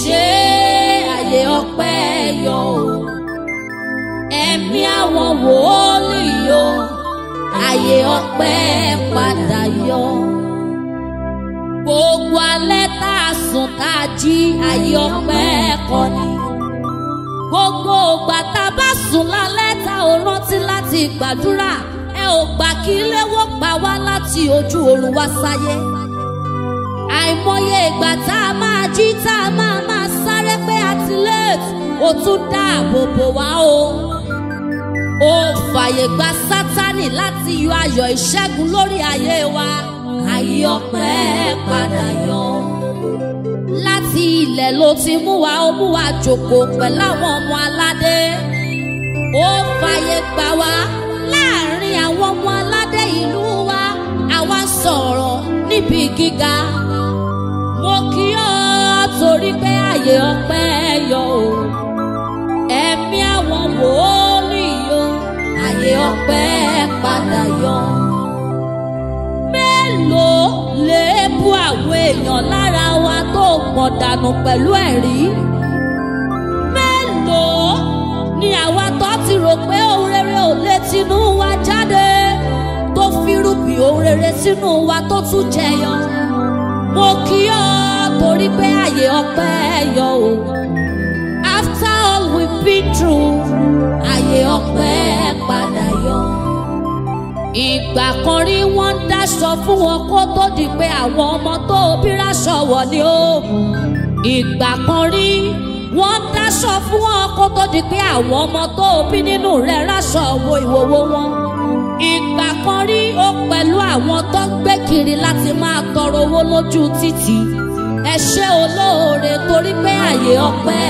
ṣe àyè ọpẹ́ yọ o ẹ̀mí àwọn wòólì yọ àyè ọpẹ́ padà yọ gbogbo alẹ́ tá a sùn tá a jí àyè ọpẹ́ kọ́ ni gbogbo ògbà tá a bá sùn lálẹ́ tá ò rántí láti gbàdúrà ẹ ò gbà kí léwó pa wá láti ojú oorun àìmọye ìgbà tá a máa jí tá a máa máa sáré pé a late ó tún dáàbò bò wá o. ó fàyè gba sátánì láti yọ ayọ̀ ìṣẹ́gun lórí ayé wa àyọpẹ́ padà yọ. láti ilẹ̀ ló ti mú wa ó mú wa jòkó pẹ̀lú àwọn ọmọ aládé. ó fàyè gbà wá láàrin àwọn ọmọ aládé ìlú wa àwa sọ̀rọ̀ níbi gíga mo kí ọ torí pé àyè ọpẹ́ yọ o ẹ̀mí àwọn wòlíì yọ àyè ọpẹ́ padà yọ mélòó lèébù àwọn èèyàn lára wa tó pọ̀ dànù pẹ̀lú ẹ̀rí mélòó ni àwa tó ti rò pé ohun rere ò lè tinú wa jáde tó fi rúbi ohun rere sínú wa tó tún jẹyọ mo kí ọ torí pé àyè ọpẹ́ yọ o after all we been through àyè ọpẹ́ padà yọ. ìgbà kan rí wọ́n ń dáṣọ fún wọn kó tó di pé àwọn ọmọ tó bí ráṣọ wọ̀ ni ìgbà kan rí wọ́n ń dáṣọ fún wọn kó tó di pé àwọn ọmọ tó bí nínú rẹ̀ ráṣọ wo ìwòwò wọn. ìgbà kan rí ó pẹ̀lú àwọn tó ń gbé kiri láti máa tọrọ owó lójú títì ẹ ṣé olóore torí pé àyè ọpẹ́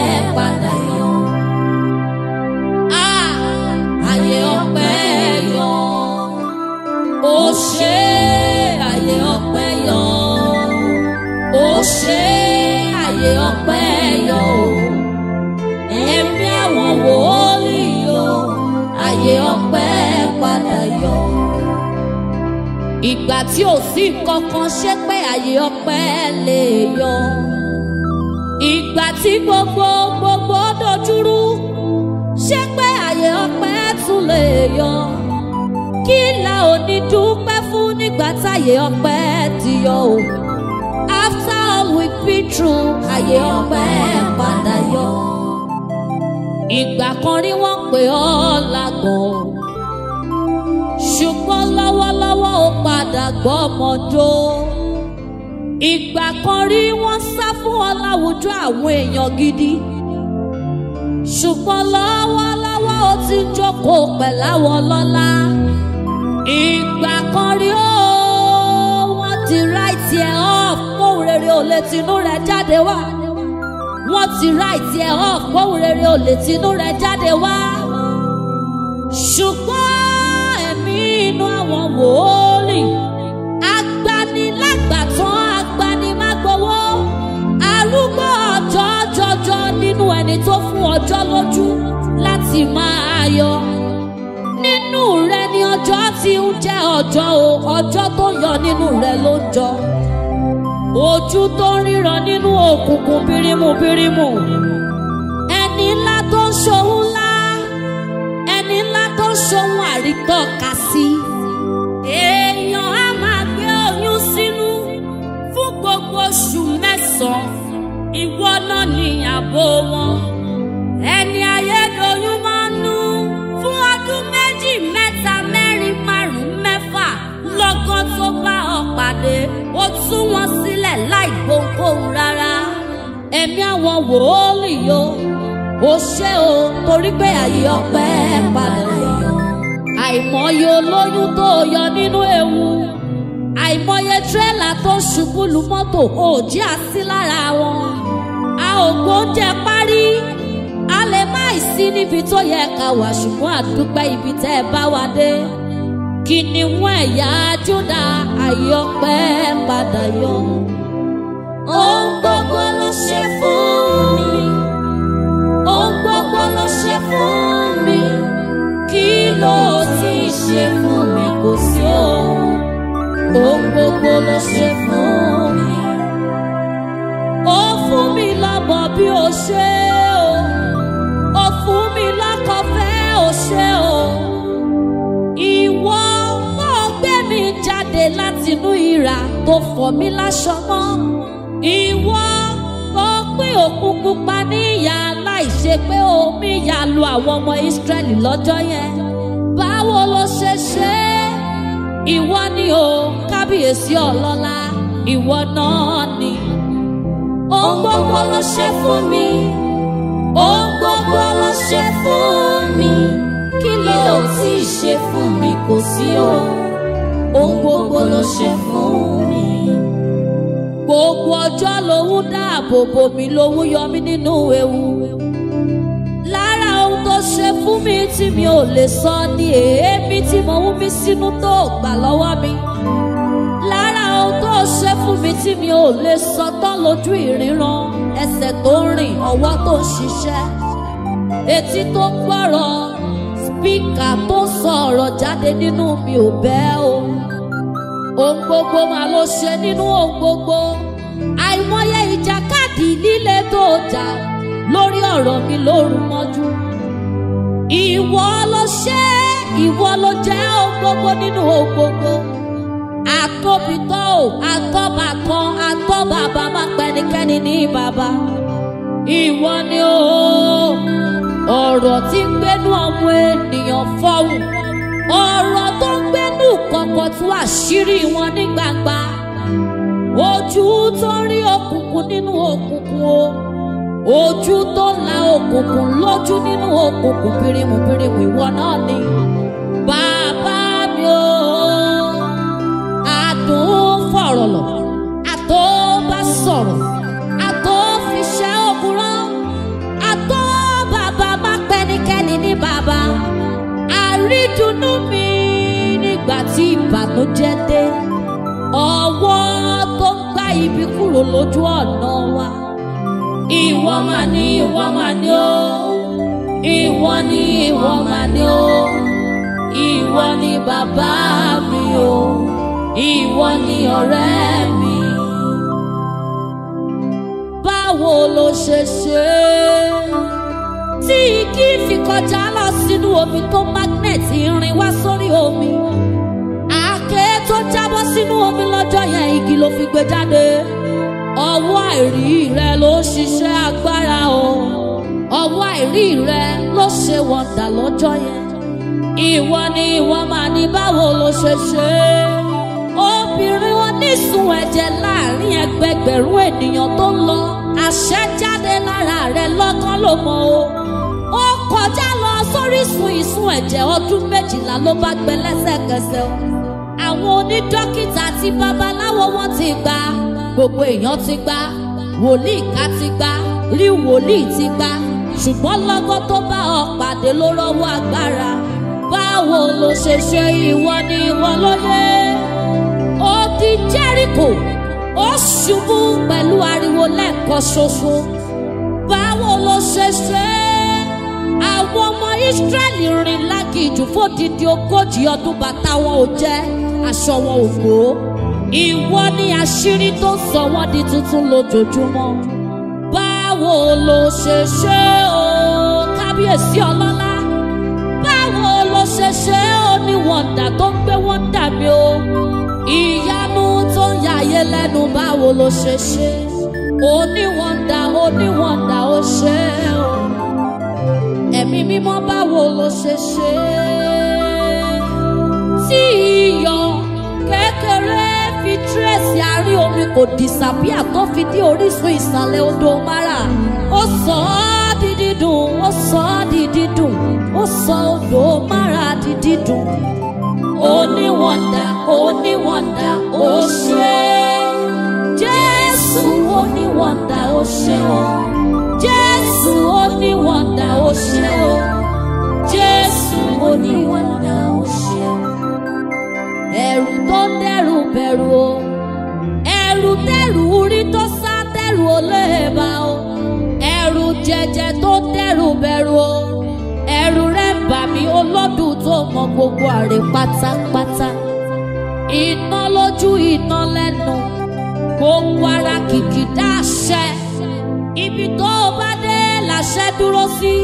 ìgbà tí ò sí kankan ṣé pé àyè ọpẹ́ lè yọ ìgbà tí gbogbo gbogbo dojúrú ṣé pé àyè ọpẹ́ tún lè yọ kí la ò ní dúpẹ́ fún nígbà táyè ọpẹ́ ti yọ o after all we been through àyè ọpẹ́ padà yọ ìgbà kan rí wọ́n pè ọ́ lágbọ̀n. dàgbọ́ ọmọdó ìgbà kan rí wọ́n sá fún wọn láwùjọ àwọn èèyàn gidi ṣùgbọ́n lọ́wọ́lọ́wọ́ ó ti jókòó pẹ̀láwọn lọ́lá ìgbà kan rí ó wọ́n ti ráìtì ẹ̀ ọ́ fóun rere ò lè tinú rẹ̀ jáde wá wọ́n ti ráìtì ẹ̀ ọ́ fóun rere ò rẹ̀ jáde wá ṣùgbọ́n nínú àwọn wòólì agbanilágbàtàn agbanimágbowó arúgbó ọjọ́ jọjọ nínú ẹni tó fún ọjọ́ lójú láti máa yọ nínú rẹ ni ọjọ́ ti ń jẹ́ ọjọ́ o ọjọ́ tó yọ nínú rẹ ló ń jọ ojú tó ń ríran nínú òkùnkùn birimubirimu ẹni ńlá tó ń ṣòwò ń ṣohun àrítọ́ka sí. èèyàn á máa gbé oyún sínú fún gbogbo oṣù mẹ́sàn-án ìwọ náà ni ààbò wọn. ẹni ayédoyún máa ń nú fún ọdún méjì mẹ́ta mẹ́rin márùn-ún mẹ́fà lọ́gán tó bá ọ pàdé ó tú wọn sílẹ̀ láì gbohùnkóhùn rárá. ẹ̀mí àwọn wòólì yo ó ṣe o torí pé àyè ọpẹ́ padà àìmọye olóyún tó yọ nínú ewu àìmọye tírélà tó ṣubú lu mọ́tò òjì àsí lára wọn a ò gbóúnjẹ parí a lè má sí níbi tó yẹ ká wà ṣùgbọ́n àdúpẹ́ ibi tẹ́ ẹ bá wa dé kìnìún ẹ̀yà Júdà àyọpẹ́ padà yọ. ohun gbogbo ló ṣe fún mi ohun gbogbo ló ṣe fún mi kí ló. Ohun kolo se ṣe o fumi la fún mi lábọ̀ o o. fumi la mi o se o. Ìwọ ló gbé mi jáde látinú ìrà tó fọ̀ mí láṣọ mọ́. Ìwọ ló pín òkun pupa ní ìyá aláìṣe pé omi ìyá lu àwọn ọmọ Ísírẹ́lì lọ́jọ́ yẹn. Báwo ló ṣe ṣe? ìwọ ni o kábíyèsí ọlọ́lá ìwọ náà ni. ohun gbogbo ló ṣe fún mi ohun gbogbo ló ṣe fún mi kí ló ti ṣe fún mi kò sí o ohun gbogbo ló ṣe fún mi. gbogbo ọjọ́ lòun dáàbò bò mí lòun yọ mí nínú ewu fún mi tí mi ò lè sọ ni èémí tí mo wú mi sínú tó gbà lọ́wọ́ mi lára ohun tó ṣe fún mi tí mi ò lè sọ tán lójú ìríran ẹsẹ̀ tó ń rìn ọwọ́ tó ń ṣiṣẹ́ etí tó gbọ́rọ̀ spíkà tó sọ ọ̀rọ̀ jáde nínú mi ò bẹ́ẹ̀ o ohun gbogbo máa ló ṣe nínú ohun gbogbo àìmọye ìjàkadì líle tó jà lórí ọ̀rọ̀ mi lóru mọ́jú ìwọ ló ṣe ìwọ ló jẹ́ ògbógbó nínú ògbógbó àtòbítọ́ ò àtọ́bà kan àtọ́bà bá má pẹ́nikẹ́ni ní bàbá ìwọ ni o ọ̀rọ̀ tí ń gbénú ọmọ ènìyàn fọ́hùn ọ̀rọ̀ tó ń gbénú kọ̀kọ̀ tú àṣírí wọn ní gbangba ojú tó rí òkùnkùn nínú òkùnkùn o ojú tó la òkùnkùn lójú nínú òkùnkùn pirimu ìwọ náà ni bàbá mi ò àtúnfọ̀rọ̀ lọ àtọ́bá sọ̀rọ̀ àtọ́fiṣẹ́ òkúrọ́ àtọ́bàbà má pẹ́nikẹ́ni ní bàbá àrídùnnú mi nígbà tí ìbànújẹ́ dé ọwọ́ tó ń gbá ibi kúrò lójú ọ̀nà wa ìwọ mà ní ìwọ mà ní o ìwọ ní ìwọ mà ní o ìwọ ní bàbá mi o ìwọ ní ọ̀rẹ́ mi báwo ló ṣe ṣe tí igi fi kọjá lọ sínú omi tó magnet irin wá sórí omi àáké tó jábọ́ sínú omi lọ́jọ́ yẹn igi ló fi gbé jáde ọwọ́ àìrí rẹ ló ṣiṣẹ́ agbára o ọwọ́ àìrí rẹ ló ṣe wọ̀ǹdà lọ́jọ́ yẹn ìwọ ni ìwọ máa ní báwo ló ṣe ṣe obìnrin onísun ẹ̀jẹ̀ láàrin ẹgbẹgbẹ̀rún ènìyàn tó ń lọ àṣẹ jáde lára rẹ lọ́gán ló mọ o ó kọjá lọ sórísun ìsun ẹ̀jẹ̀ ọdún méjìlá ló bá gbẹ lẹ́sẹ̀kẹsẹ̀ o àwọn onídókítà àti babaláwo wọn ti gbà á gbogbo èèyàn ti gbà wòlíì ká ti gbà rí wòlíì ti gbà ṣùgbọ́n lọ́gọ́ tó bá ọ pàdé ló rọ́wọ́ agbára báwo ló ṣe ṣe ìwọ ni ìwọ ló yẹ ó di Jẹ́ríkò ó ṣubú pẹ̀lú ariwo lẹ́ẹ̀kan ṣoṣo báwo ló ṣe ṣe àwọn ọmọ Ísírẹ́lì rìn lágìjù fódìdí ogójì ọdún bàtà wọn ò jẹ aṣọ wọn ò gbòó ìwọ ni àṣírí tó sọ wọ́n di tuntun lójoojúmọ́ báwo lo ṣe ṣe o kábíyèsí ọlọ́lá báwo lo ṣe ṣe o ní wọ̀ndà tó ń gbé wọ́n dà o ìyanu tó ń yàyé lẹ́nu báwo lo ṣe ṣe oníwọ̀ndà oníwọ̀ndà ó ṣe o ẹ̀mí mímọ́ báwo lo ṣe ṣe o. kò disappear tó fi dé orísun ìsàlẹ̀ odò mara ó sọ ọ́ di dídùn ó sọ ọ́ di dídùn ó sọ odò mara di dídùn oníwọ̀nda oníwọ̀nda ó ṣe Jésù oníwọ̀nda ó ṣe o Jésù oníwọ̀nda ó ṣe o Jésù oníwọ̀nda ó ṣe o ẹ̀rù tó dẹ́rù bẹ̀rù o. ẹ̀jẹ̀ tó dẹ́rù bẹ̀rù o ẹ̀rù rẹ̀ bà mí olódùn tó mọ gbogbo àrè pátápátá iná lójú iná lẹ́nu gbogbo ara kìkìdá àṣẹ ibi tó o bá dé làṣẹ dúró sí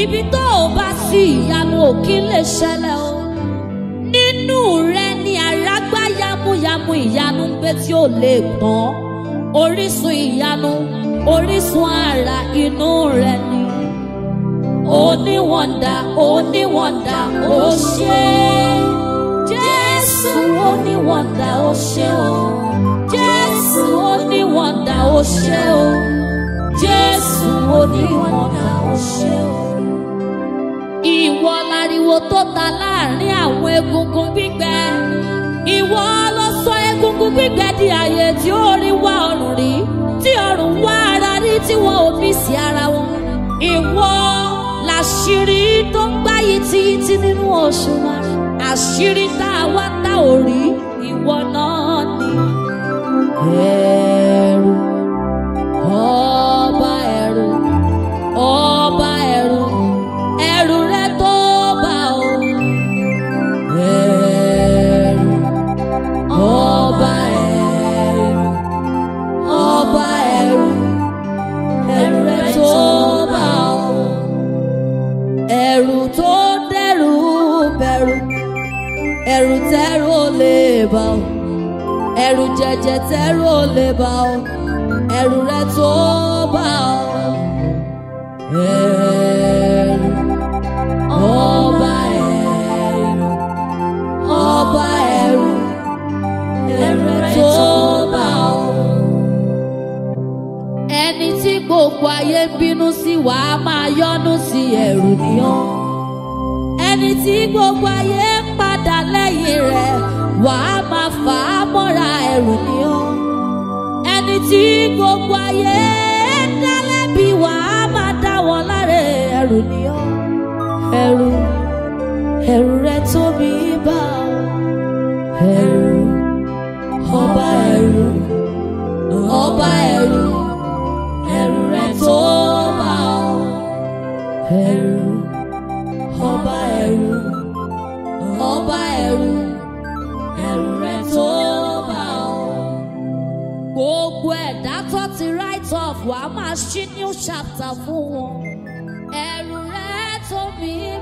ibi tó o bá sí ìyanu òkì lè ṣẹlẹ̀ o nínú rẹ ni àrágbá yamuyamu ìyanu ń gbé tí ó lè tán orísun ìyanu orísun àrà inú rẹ ni oníwọ̀nda oníwọ̀nda ó ṣe Jésù oníwọ̀nda ó ṣe o Jésù oníwọ̀nda ó ṣe o Jésù oníwọ̀nda ó ṣe o. Ìwọ lariwo tó ta láàrin àwọn egungun gbígbẹ ìwọ ló sọ egungun gbígbẹ sí nínú òṣùwọ̀n àṣírí tá a wá tá ò rí ìwọ náà tẹ́rù ò lè bà ọ́ ẹ̀rù rẹ tó bà ọ́ ẹ̀rù ọba ẹ̀rù ọba ẹ̀rù ẹ̀rù rẹ tó bà ọ́. ẹni tí gbogbo ayé ń bínú sí wàá máa yọ́nú sí ẹ̀rù nìyọ́n ẹni tí gbogbo ayé. tí gbogbo ayé dálẹ́bi wà á máa dá wọn láre ẹrù ni ọ́ ẹrù ẹrù rẹ tóbi bá ẹrù. wàá máa ṣí new chapter fún wọn ẹrù rẹ tó mi.